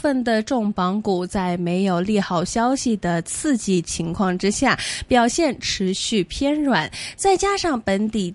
份的重磅股在沒有利好消息的刺激情況之下，表現持續偏軟，再加上本地。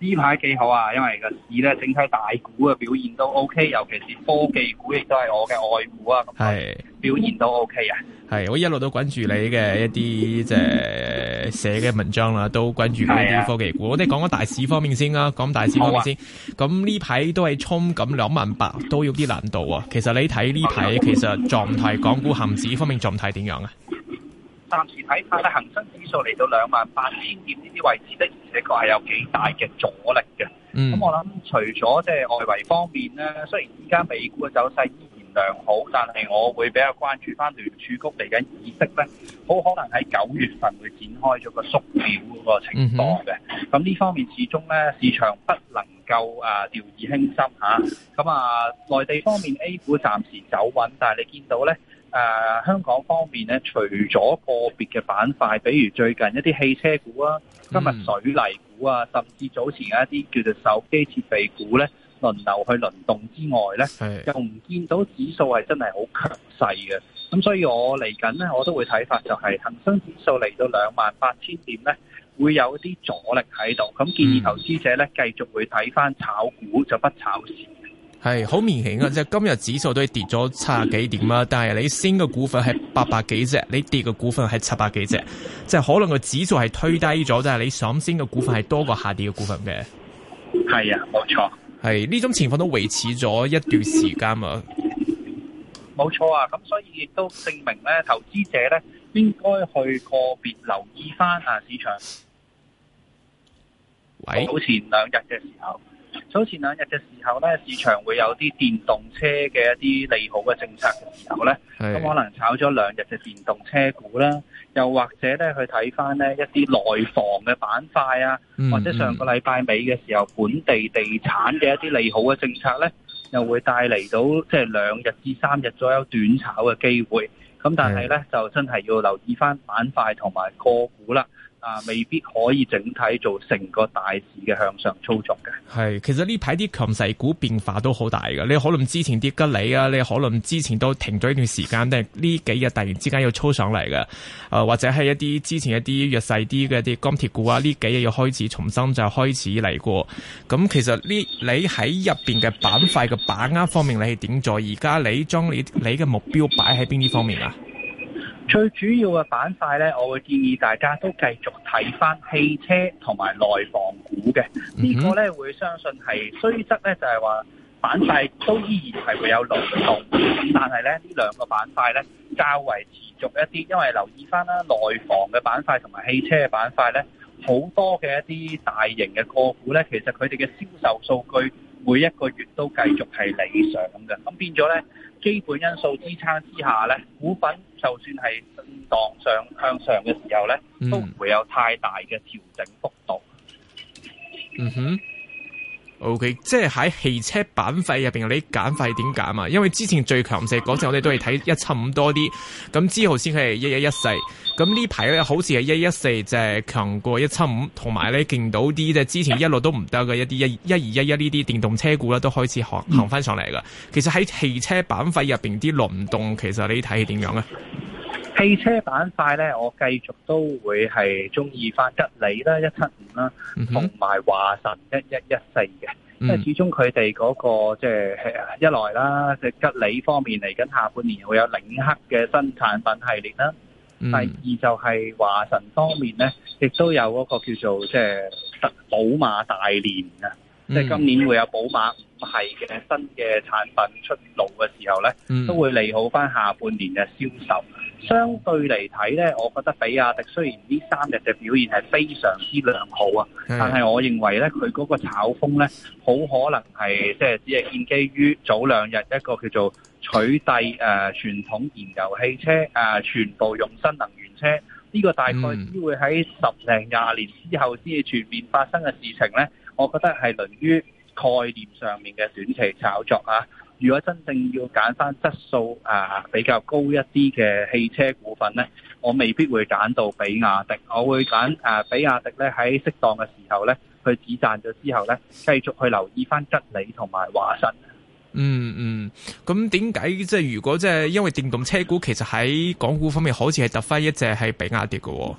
呢排幾好啊，因為個市咧整體大股嘅表現都 OK，尤其是科技股亦都係我嘅愛股啊，咁表現都 OK 啊。係我一路都滾住你嘅一啲即係寫嘅文章啦、啊，都滾住嗰啲科技股、啊。我哋講個大市方面先、啊、啦，講大市方面先。咁呢排都係衝咁兩萬八，都有啲難度啊。其實你睇呢排其實狀態，港股恒指方面狀態點樣啊？暫時睇翻咧，恆生指數嚟到兩萬八千點呢啲位置，的而且確係有幾大嘅阻力嘅。咁、mm. 嗯、我諗，除咗即係外圍方面咧，雖然依家美股嘅走勢。良、嗯、好， 但係我會比較關注翻聯儲局嚟緊議息咧，好可能喺九月份會展開咗個縮表嗰個情況嘅。咁、嗯、呢方面始終咧，市場不能夠啊掉以輕心吓，咁啊，內地方面 A 股暫時走穩，但係你見到咧，誒、呃、香港方面咧，除咗個別嘅板塊，比如最近一啲汽車股啊，今日水泥股啊，甚至早前有一啲叫做手機設備股咧。輪流去輪動之外咧，又唔見到指數係真係好強勢嘅，咁所以我嚟緊咧，我都會睇法就係恒生指數嚟到兩萬八千點咧，會有啲阻力喺度，咁建議投資者咧，繼續會睇翻炒股，就不炒市。係好明顯啊！即係今日指數都係跌咗七十幾點啦。但係你升嘅股份係八百幾隻，你跌嘅股份係七百幾隻，即 係可能個指數係推低咗，但係你上升嘅股份係多過下跌嘅股份嘅。係啊，冇錯。係呢種情況都維持咗一段時間啊，冇錯啊，咁所以亦都證明呢，投資者呢，應該去個別留意翻啊市場。早前兩日嘅時候，早前兩日嘅時候咧，市場會有啲電動車嘅一啲利好嘅政策嘅時候咧，咁可能炒咗兩日嘅電動車股啦，又或者咧去睇翻咧一啲內房嘅板塊啊、嗯，或者上個禮拜尾嘅時候本地地產嘅一啲利好嘅政策咧，又會帶嚟到即係兩日至三日左右短炒嘅機會。咁但係咧就真係要留意翻板塊同埋個股啦。啊，未必可以整體做成個大市嘅向上操作嘅。係，其實呢排啲強勢股變化都好大嘅。你可能之前啲吉利啊，你可能之前都停咗一段時間，但係呢幾日突然之間又操上嚟嘅。誒、呃，或者係一啲之前一啲弱勢啲嘅啲鋼鐵股啊，呢幾日要開始重新就開始嚟過。咁其實呢，你喺入邊嘅板塊嘅把握方面，你是怎麼你你，你係點做？而家你將你你嘅目標擺喺邊啲方面啊？最主要嘅板塊呢，我會建議大家都繼續睇翻汽車同埋內房股嘅，呢、呢個呢，會相信係雖則呢，就係話板塊都依然係會有動盪，但係咧呢呢兩個板塊呢，較為持續一啲，因為留意翻啦內房嘅板塊同埋汽車嘅板塊呢，好多嘅一啲大型嘅個股呢，其實佢哋嘅銷售數據。每一個月都繼續係理想嘅，咁變咗咧，基本因素支撐之下咧，股份就算係震盪上向上嘅時候咧，都唔會有太大嘅調整幅度。嗯哼。O、okay, K，即係喺汽車板塊入邊，你揀費點揀啊？因為之前最強勢嗰陣，隻我哋都係睇一七五多啲，咁之後先係一一一四。咁呢排咧，好似係一一四就係強過一七五，同埋咧見到啲，即係之前一路都唔得嘅一啲一一二一一呢啲電動車股咧，都開始行、嗯、行翻上嚟㗎。其實喺汽車板塊入邊啲輪動，其實你睇係點樣啊？汽車板塊咧，我繼續都會係中意返吉利啦，一七五啦，同、mm、埋 -hmm. 華晨一一一四嘅，mm -hmm. 因為始終佢哋嗰個即係、就是、一來啦，即、就、係、是、吉利方面嚟緊下，下半年會有領克嘅新產品系列啦。Mm -hmm. 第二就係華晨方面咧，亦都有嗰個叫做即係特寶馬大年啊，mm -hmm. 即係今年會有寶馬五系嘅新嘅產品出爐嘅時候咧，mm -hmm. 都會利好翻下半年嘅銷售。相對嚟睇咧，我覺得比亞迪雖然呢三日嘅表現係非常之良好啊，但係我認為咧，佢嗰個炒風咧，好可能係即係只係建基於早兩日一個叫做取替誒傳統燃油汽車誒、呃，全部用新能源車呢、呢個大概只會喺十零廿年之後先至全面發生嘅事情咧，我覺得係淪於概念上面嘅短期炒作啊！如果真正要揀翻質素誒比較高一啲嘅汽車股份呢，我未必會揀到比亞迪，我會揀誒比亞迪咧，喺適當嘅時候呢，去止賺咗之後呢，繼續去留意翻吉利同埋華晨。嗯嗯，咁點解即係如果即係因為電動車股其實喺港股方面好似係特飛一隻係比亞迪嘅？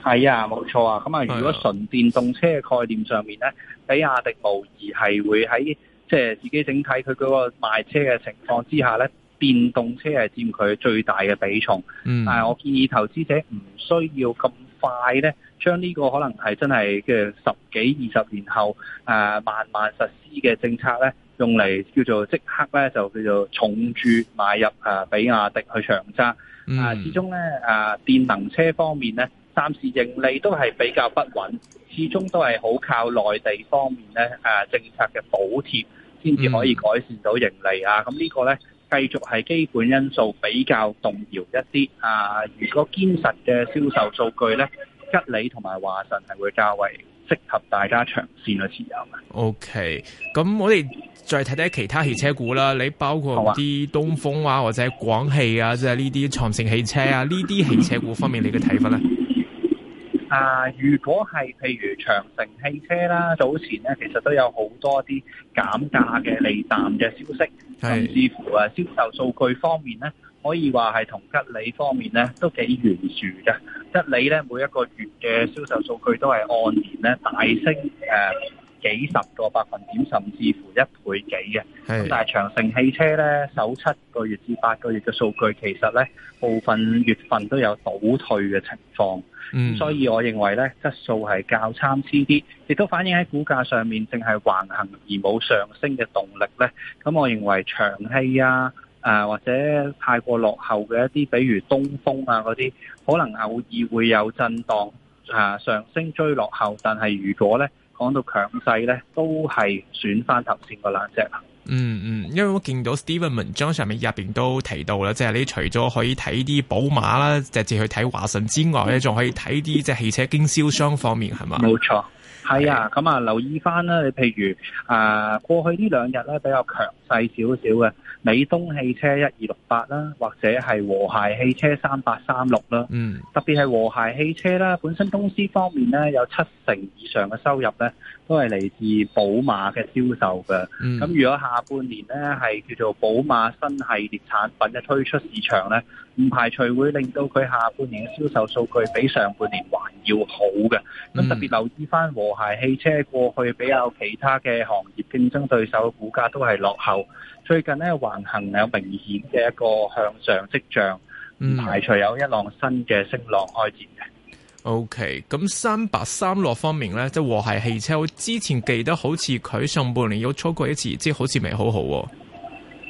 係啊，冇錯啊。咁啊，如果純電動車嘅概念上面呢、哎，比亞迪無疑係會喺。即係自己整體佢嗰個賣車嘅情況之下呢，電動車係佔佢最大嘅比重。嗯。但係、啊、我建議投資者唔需要咁快呢，將呢個可能係真係嘅十幾二十年後、啊、慢慢實施嘅政策呢，用嚟叫做即刻呢就叫做重注買入啊，比亞迪去長揸。至啊，始終呢、啊、電能車方面呢，暫時盈利都係比較不穩，始終都係好靠內地方面呢、啊、政策嘅補貼。先至可以改善到盈利啊！咁、這、呢個呢，繼續係基本因素比較動搖一啲啊。如果堅實嘅銷售數據呢，吉利同埋華晨係會較為適合大家長線嘅持有嘅。OK，咁我哋再睇睇其他汽車股啦。你包括啲東風啊，或者廣汽啊，即係呢啲長城汽車啊，呢啲汽車股方面，你嘅睇法呢？啊！如果係譬如長城汽車啦，早前咧其實都有好多啲減價嘅利淡嘅消息，甚至乎啊銷售數據方面咧，可以話係同吉利方面咧都幾懸殊嘅。吉利咧每一個月嘅銷售數據都係按年咧大升誒幾十個百分點，甚至乎一倍幾嘅。但係長城汽車咧，首七個月至八個月嘅數據，其實咧部分月份都有倒退嘅情況。所以我認為咧，質素係較參差啲，亦都反映喺股價上面，淨係橫行而冇上升嘅動力咧。咁我認為長汽啊，誒、呃、或者太過落後嘅一啲，比如東風啊嗰啲，可能偶爾會有震盪、啊、上升追落後，但係如果咧。講到強勢咧，都係選翻頭先嗰兩隻。嗯嗯，因為我見到 Steven 文章上面入邊都提到啦，即、就、係、是、你除咗可以睇啲寶馬啦，直、就、接、是、去睇華晨之外咧，仲、嗯、可以睇啲即係汽車經銷商方面，係、嗯、嘛？冇錯，係啊。咁、嗯、啊，留意翻啦，你譬如啊、呃，過去呢兩日咧比較強勢少少嘅。美東汽車一二六八啦，或者係和諧汽車三八三六啦。嗯。特別係和諧汽車啦，本身公司方面呢，有七成以上嘅收入呢，都係嚟自寶馬嘅銷售嘅。嗯。咁如果下半年呢，係叫做寶馬新系列產品嘅推出市場呢，唔排除會令到佢下半年嘅銷售數據比上半年還要好嘅。咁特別留意翻和諧汽車過去比較其他嘅行業競爭對手嘅股價都係落後。.最近咧，橫行有明顯嘅一個向上跡象，唔、嗯、排除有一浪新嘅升浪開展。嘅。O K，咁三八三六方面咧，即係和諧汽車，我之前記得好似佢上半年有衝過一次，即、就、係、是、好似未好好、啊。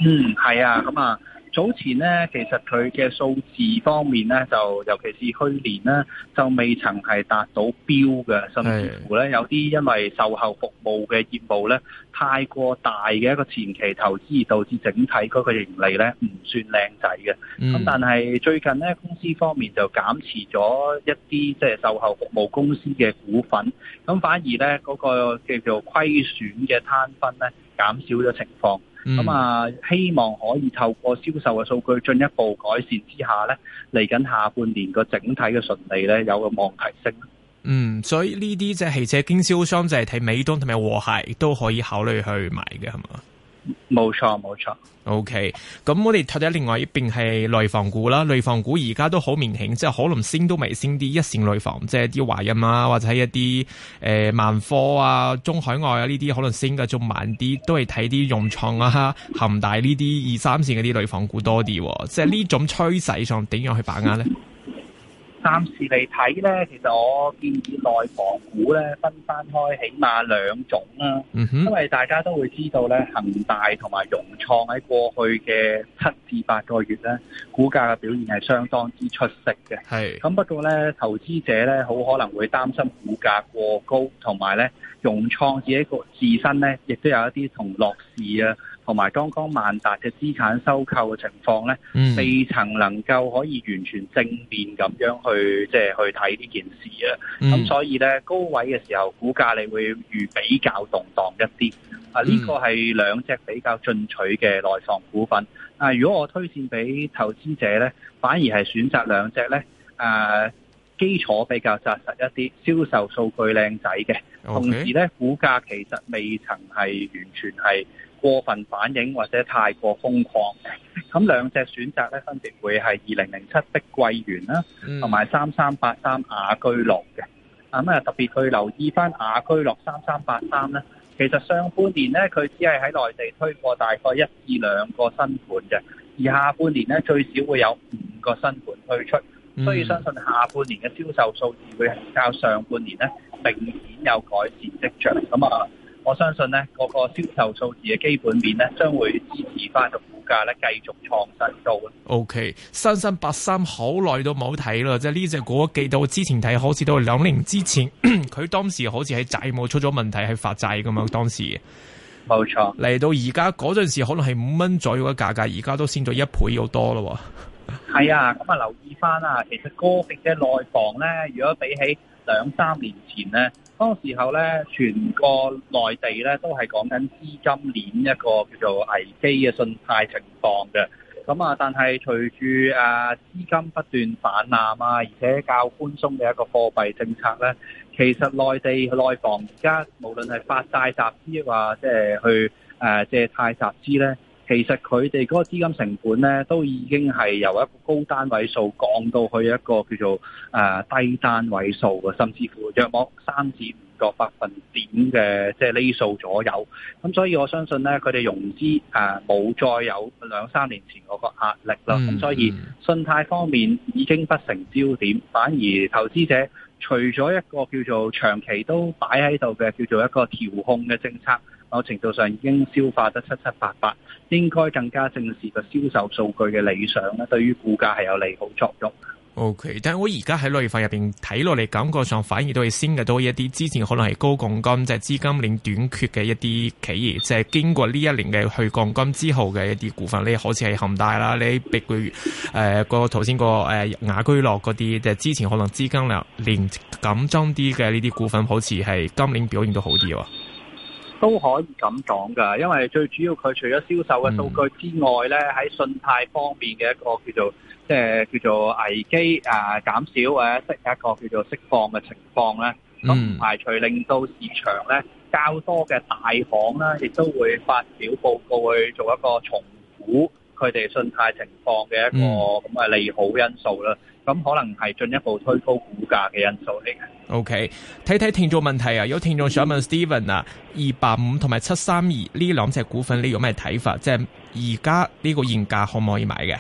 嗯，係啊，咁、嗯、啊。早前咧，其實佢嘅數字方面咧，就尤其是去年咧，就未曾係達到標嘅，甚至乎咧有啲因為售後服務嘅業務咧太過大嘅一個前期投資，導致整體嗰個盈利咧唔算靚仔嘅。咁、mm. 但係最近咧，公司方面就減持咗一啲即係售後服務公司嘅股份，咁反而咧嗰、嗰個叫做虧損嘅攤分咧減少咗情況。咁、嗯、啊，希望可以透過銷售嘅數據進一步改善之下呢，嚟緊下半年個整體嘅順利呢，有個望提升。嗯，所以呢啲即係汽車經銷商，就係睇美東同埋和諧都可以考慮去買嘅，係嘛？冇錯冇錯，OK，咁我哋睇下另外一邊係內房股啦。內房股而家都好明顯，即係可能升都未升啲一,一線內房，即係啲華潤啊，或者一啲誒萬科啊、中海外啊呢啲，可能升嘅仲慢啲，都係睇啲融創啊、恒大呢啲二三線嗰啲內房股多啲。啊，即係呢種趨勢上點樣去把握咧？ 暫時嚟睇咧，其實我建議內房股咧分翻開，起碼兩種啦。因為大家都會知道咧，恒大同埋融創喺過去嘅七至八個月咧，股價嘅表現係相當之出色嘅。係咁，不過咧，投資者咧好可能會擔心股價過高，同埋咧融創自己個自身咧，亦都有一啲同樂視啊。同埋，剛剛萬達嘅資產收購嘅情況呢，嗯、未曾能夠可以完全正面咁樣去，即係去睇呢件事啊。咁，嗯、所以呢，高位嘅時候，股價你會預比較動盪一啲。啊，呢個係兩隻比較進取嘅內房股份。啊，如果我推薦俾投資者呢，反而係選擇兩隻呢。啊基礎比較紮實一啲，銷售數據靚仔嘅，同時咧股價其實未曾係完全係過分反映或者太過瘋狂。咁兩隻選擇咧分別會係二零零七碧桂園啦，同埋三三八三雅居樂嘅。咁啊，特別佢留意翻雅居樂三三八三咧，其實上半年咧佢只係喺內地推過大概一至兩個新盤嘅，而下半年咧最少會有五個新盤推出。嗯、所以相信下半年嘅銷售數字會較上半年呢，明顯有改善跡象。咁啊，我相信呢嗰個銷售數字嘅基本面將呢，將會支持翻個股價呢繼續創新高。OK，新新八三好耐都冇睇啦，即係呢隻股我記到之前睇，好似都兩年之前，佢當時好似喺債務出咗問題，喺發債噶嘛當時。冇錯錯，嚟到而家嗰陣時，可能係五蚊左右嘅價格，而家都升咗一倍好多咯。係啊，咁啊，留意翻啊，其實個別嘅內房咧，如果比起兩三年前咧，當、那個、時候咧，全個內地咧都係講緊資金鏈一個叫做危機嘅信貸情況嘅。咁啊，但係隨住啊資金不斷泛濫，啊，而且比較寬鬆嘅一個貨幣政策咧，其實內地內房而家無論係發債集資、啊，或即係去誒借貸集資咧。其實佢哋嗰個資金成本咧，都已經係由一個高單位數降到去一個叫做、呃、低單位數嘅，甚至乎約莫三至五個百分點嘅即係厘數左右。咁所以我相信咧，佢哋融資、呃、冇再有兩三年前嗰個壓力啦。咁所以信貸方面已經不成焦點，反而投資者，除咗一個叫做長期都擺喺度嘅叫做一個調控嘅政策，某程度上已經消化得七七八八，應該更加正視個銷售數據嘅理想咧，對於股價係有利好作用。O、okay, K，但係我而家喺六月份入邊睇落嚟，感覺上反而都係先嘅多一啲，之前可能係高槓桿即係資金鏈、就是、短缺嘅一啲企業，即、就、係、是、經過呢一年嘅去槓桿之後嘅一啲股份，你好似係恒大啦，你譬如誒個頭先個誒雅居樂嗰啲，即、就、係、是、之前可能資金鏈緊張啲嘅呢啲股份，好似係今年表現都好啲喎，都可以咁講噶，因為最主要佢除咗銷售嘅數據之外咧，喺、嗯、信貸方面嘅一個叫做。即係叫做危機啊、呃，減少或者一個叫做釋放嘅情況咧，咁、嗯、唔排除令到市場咧較多嘅大行啦，亦都會發表報告去做一個重估佢哋信貸情況嘅一個咁嘅利好因素啦。咁、嗯、可能係進一步推高股價嘅因素嚟嘅。OK，睇睇聽眾問題啊，有聽眾想問 Steven 啊，二百五同埋七三二呢兩隻股份，你有咩睇法？即係而家呢個現價可唔可以買嘅？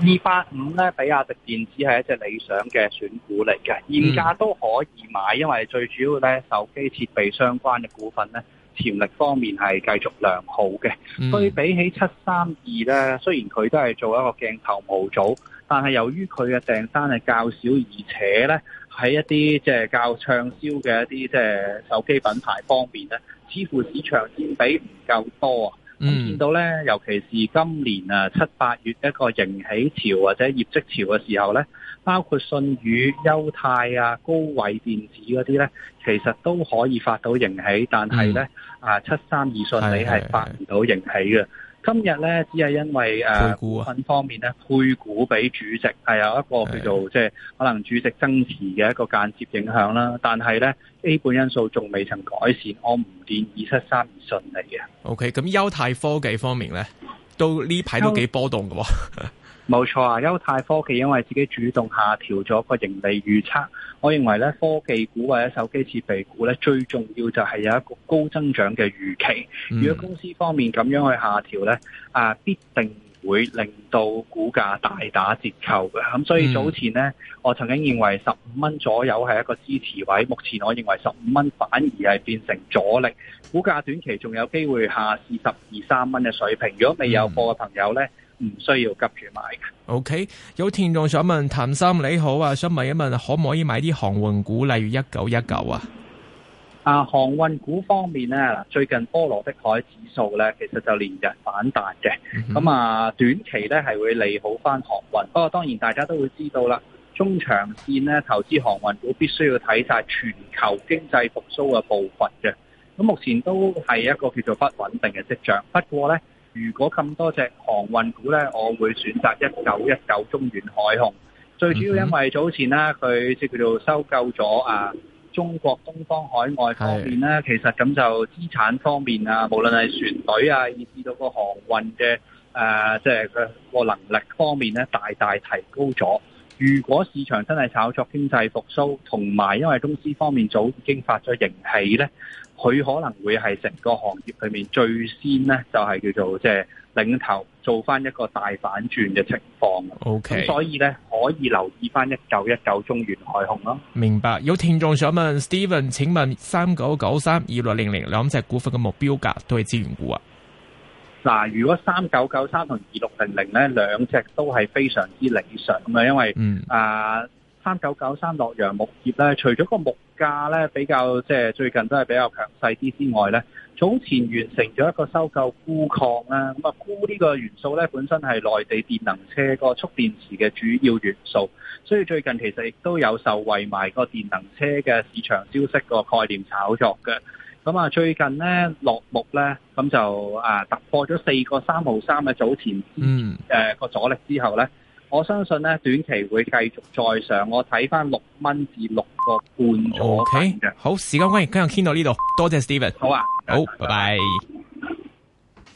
二八五咧，比亞迪電子係一隻理想嘅選股嚟嘅，現價都可以買，因為最主要咧手機設備相關嘅股份咧潛力方面係繼續良好嘅。對比起七三二咧，雖然佢都係做一個鏡頭模組，但係由於佢嘅訂單係較少，而且咧喺一啲即係較暢銷嘅一啲即係手機品牌方面咧，似乎市場佔比唔夠多啊。咁、嗯、見到咧，尤其是今年啊七八月一個盈喜潮或者業績潮嘅時候咧，包括信宇、優泰啊、高偉電子嗰啲咧，其實都可以發到盈喜，但係咧、嗯、啊七三二信你係發唔到盈喜嘅。是是是是。今日咧，只係因為誒、啊，股份方面咧，配股俾主席係有一個叫做即係可能主席增持嘅一個間接影響啦。但係咧，基本因素仲未曾改善，我唔見二七三順利嘅。OK，咁優泰科技方面咧，到呢排都幾波動嘅，啊。 冇錯啊！優泰科技因為自己主動下調咗個盈利預測，我認為咧科技股或者手機設備股咧最重要就係有一個高增長嘅預期、嗯。如果公司方面咁樣去下調咧，啊必定會令到股價大打折扣嘅。咁所以早前呢，嗯、我曾經認為十五蚊左右係一個支持位，目前我認為十五蚊反而係變成阻力，股價短期仲有機會下跌十二三蚊嘅水平。如果未有貨嘅朋友咧，嗯唔需要急住買嘅。OK，有聽眾想問，譚生你好啊，想問一問可唔可以買啲航運股，例如一九一九啊？啊，航運股方面呢，最近波羅的海指數呢，其實就連日反彈嘅，咁、嗯、啊，短期呢係會利好翻航運。不過當然，大家都會知道啦，中長線呢投資航運股必須要睇晒全球經濟復甦嘅步伐嘅。咁目前都係一個叫做不穩定嘅跡象。不過呢。如果咁多隻航運股呢，我會選擇一九一九中遠海控。最主要因為早前咧，佢即叫做收購咗啊中國東方海外方面咧，其實咁就資產方面啊，無論係船隊啊，以至到個航運嘅誒，即係佢個能力方面呢，大大提高咗。如果市場真係炒作經濟復甦，同埋因為公司方面早已經發咗盈警呢，佢可能會係成個行業裏面最先呢，就係叫做即係領頭做翻一個大反轉嘅情況。O、okay. K.，所以呢，可以留意翻一九一九中原海控咯。明白有聽眾想問，Steven，請問三九九三二六零零兩隻股份嘅目標價都係資源股啊？嗱，如果三九九三同二六零零咧，兩隻都係非常之理想嘅、嗯，啊，因為啊，三九九三洛陽鉬業咧，除咗個鉬價咧比較即係最近都係比較強勢啲之外咧，早前完成咗一個收購鉬礦啦，咁啊鉬呢個元素咧本身係內地電能車個蓄電池嘅主要元素，所以最近其實亦都有受惠埋個電能車嘅市場消息個概念炒作嘅。咁啊，最近咧落木咧，咁就啊突破咗四個三毫三嘅早前，誒、嗯、個、呃、阻力之後咧，我相信咧短期會繼續再上。我睇翻六蚊至六個半左右，O K。Okay? 好，時間關係今日傾到呢度，多謝 Steven。好啊謝謝，好，拜拜。拜拜。